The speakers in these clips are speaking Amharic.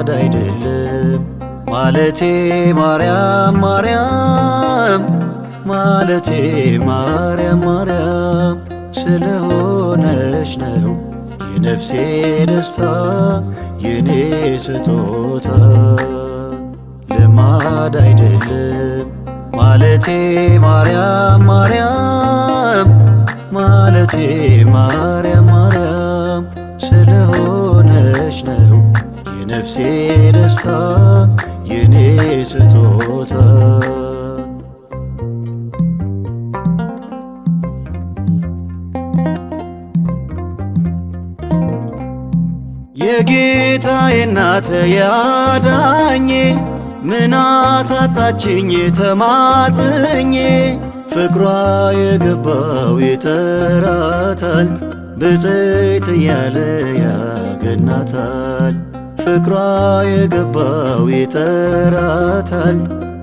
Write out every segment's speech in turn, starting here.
ፈቃድ አይደለም ማለቴ ማርያም ማርያም ማለቴ ማርያም ማርያም ስለሆነች ነው የነፍሴ ደስታ የኔ ስጦታ ልማድ አይደለም ማለቴ ማርያም ማርያም ማለቴ ማርያም ስጦታ የኔ ስጦታ የጌታዬ እናት ያዳኝ ምን አሳጣችኝ ፍቅሯ የገባው ይጠራታል ብፅዕት እያለ ያገናታል ፍቅሯ የገባው ይጠራታል፣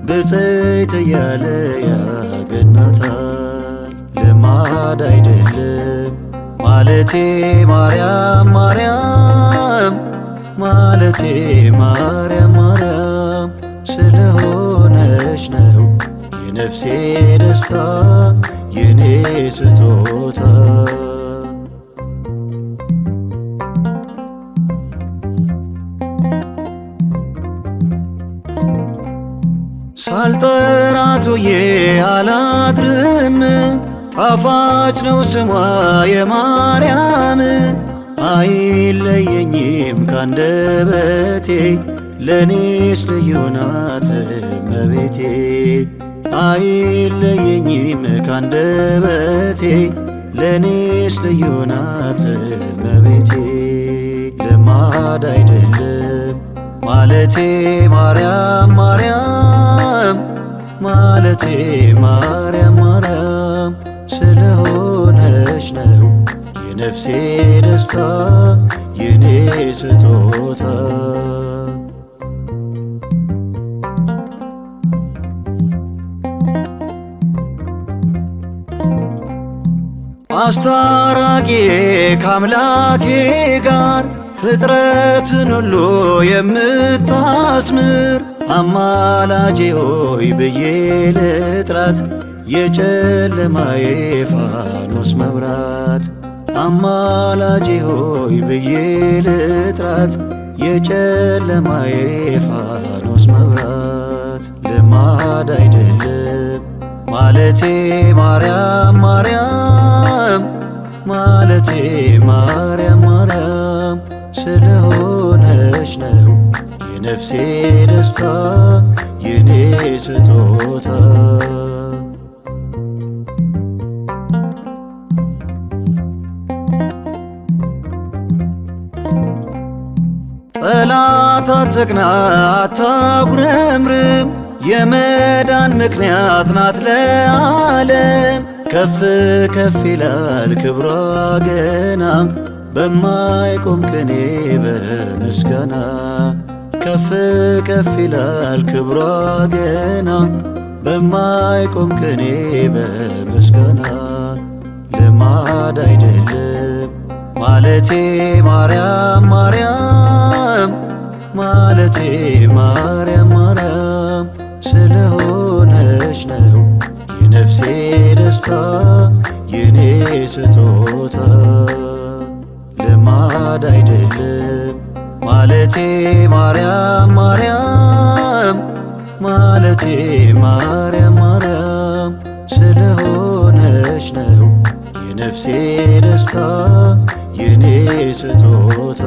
ብፅዕት እያለ ያገናታል። ልማድ አይደለም ማለቴ ማርያም ማርያም ማለቴ ማርያም ማርያም ስለሆነች ነው የነፍሴ ደስታ የኔ ስጦታ ሳልጠራት ውዬ አላድርም። ጣፋጭ ነው ስሟ የማርያም አይለየኝም ካንደበቴ ለኔስ ልዩ ናት እመቤቴ አይለየኝም ካንደበቴ ለኔስ ልዩ ናት እመቤቴ ልማድ አይደለም ማለቴ ማርያም ማርያም ማለቴ ማርያም ማርያም ስለሆነች ነው የነፍሴ ደስታ የኔ ስጦታ አስታራቂ ከአምላኬ ጋ ፍጥረትን ሁሉ የምታስምር አማላጄ ሆይ ብዬ ልጥራት የጨለማዬ ፋኖስ መብራት አማላጄ ሆይ ብዬ ልጥራት የጨለማዬ ፋኖስ መብራት ልማድ አይደለም ማለቴ ማርያም ማርያም ማለቴ ማርያም ስለሆነች ነው የነፍሴ ደስታ የኔ ስጦታ። ጠላት አትቅና አታጉረምርም፣ የመዳን ምክንያት ናት ለዓለም። ከፍ ከፍ ይላል ክብሯ ገና በማይቆም ቅኔ በምስጋና ከፍ ከፍ ይላል ክብሯ ገና በማይቆም ቅኔ በምስጋና ልማድ አይደለም ማለቴ ማርያም ማርያም ማለቴ ማርያም ማርያም ስለሆነች ነው የነፍሴ ደስታ የኔ ስጦ እናቴ ማርያም ማርያም ስለሆነች ነው የነፍሴ ደስታ የኔ ስጦታ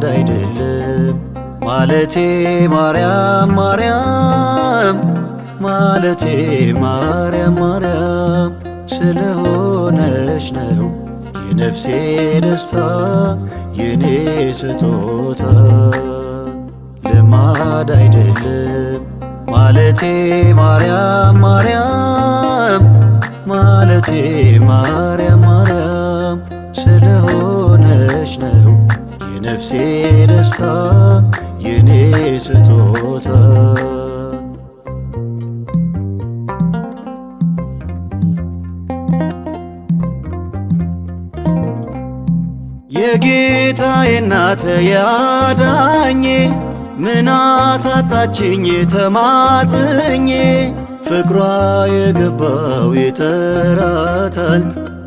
ፈቃድ አይደለም ማለቴ ማርያም ማርያም ማለቴ ማርያም ማርያም ስለሆነች ነው የነፍሴ ደስታ የኔ ስጦታ ልማድ አይደለም ማለቴ ማርያም ማርያም ማለቴ ማርያም ነፍሴ ደስታ የኔ ስጦታ የጌታዬ እናት ያዳኜ ምን አሳጣችኝ ፍቅሯ የገባው ይጠራታል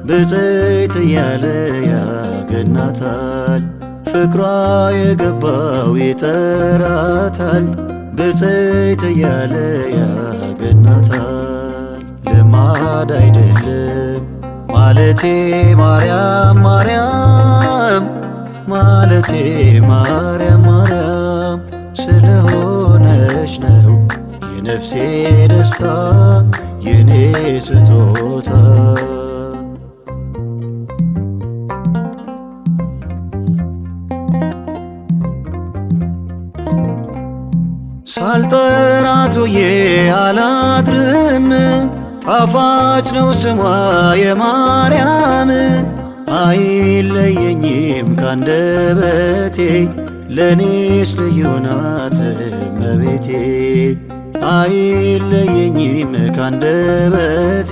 ብፅዕት እያለ ያገናታል ፍቅሯ የገባው ይጠራታል፣ ብፅዕት እያለ ያገናታል። ልማድ አይደለም ማለቴ ማርያም ማርያም ማለቴ ማርያም ማርያም ስለሆነች ነው የነፍሴ ደስታ የኔ ስጦታ ሳልጠራቱ ውዬ አላድርም። ጣፋጭ ነው ስሟ የማርያም አይለየኝም ካንደበቴ ለኔስ ልዩ ናት እመቤቴ አይለየኝም ካንደበቴ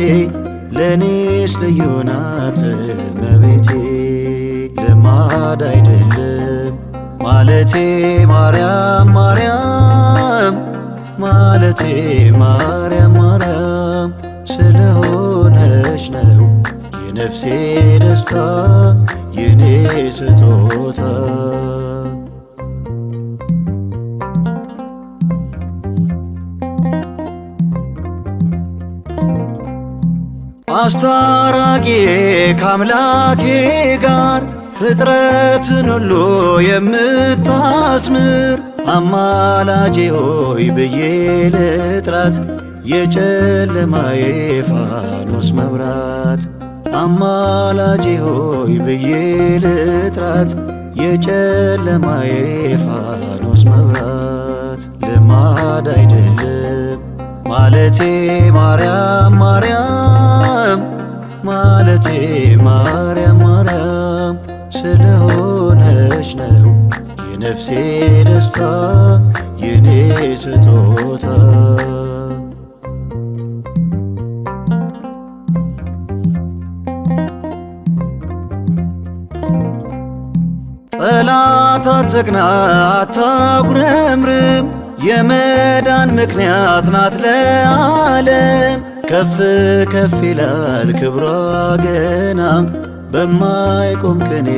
ለኔስ ልዩ ናት እመቤቴ ልማድ አይደለም ማለቴ ማርያም ማርያም ማለቴ ማርያም ማርያም ስለሆነች ነው የነፍሴ ደስታ የኔ ስጦታ አስታራቂዬ ከአምላኬ ጋር ፍጥረትን ሁሉ የምታስምር አማላጄ ሆይ ብዬ ልጥራት የጨለማዬ ፋኖስ መብራት አማላጄ ሆይ ብዬ ልጥራት የጨለማዬ ፋኖስ መብራት ልማድ አይደለም ማለቴ ማርያም ማርያም ማለቴ ማርያም የነፍሴ ደስታ የኔ ስጦታ ጠላት አትቅና አታጉረምርም፣ የመዳን ምክንያት ናት ለዓለም። ከፍ ከፍ ይላል ክብሯ ገና በማይቆም ከኔ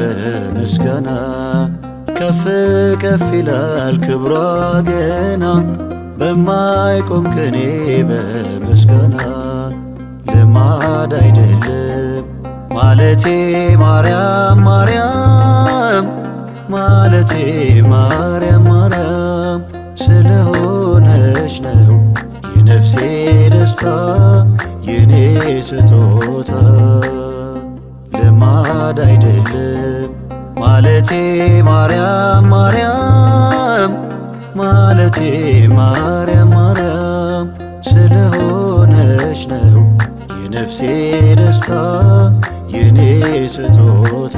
በምስጋና ከፍ ከፍ ይላል ክብሯ ገና በማይቆም ቅኔ በምስጋና ልማድ አይደለም ማለቴ ማርያም ማርያም ማለቴ ማርያም ማርያም ነፍሴ ደስታ የኔ ስጦታ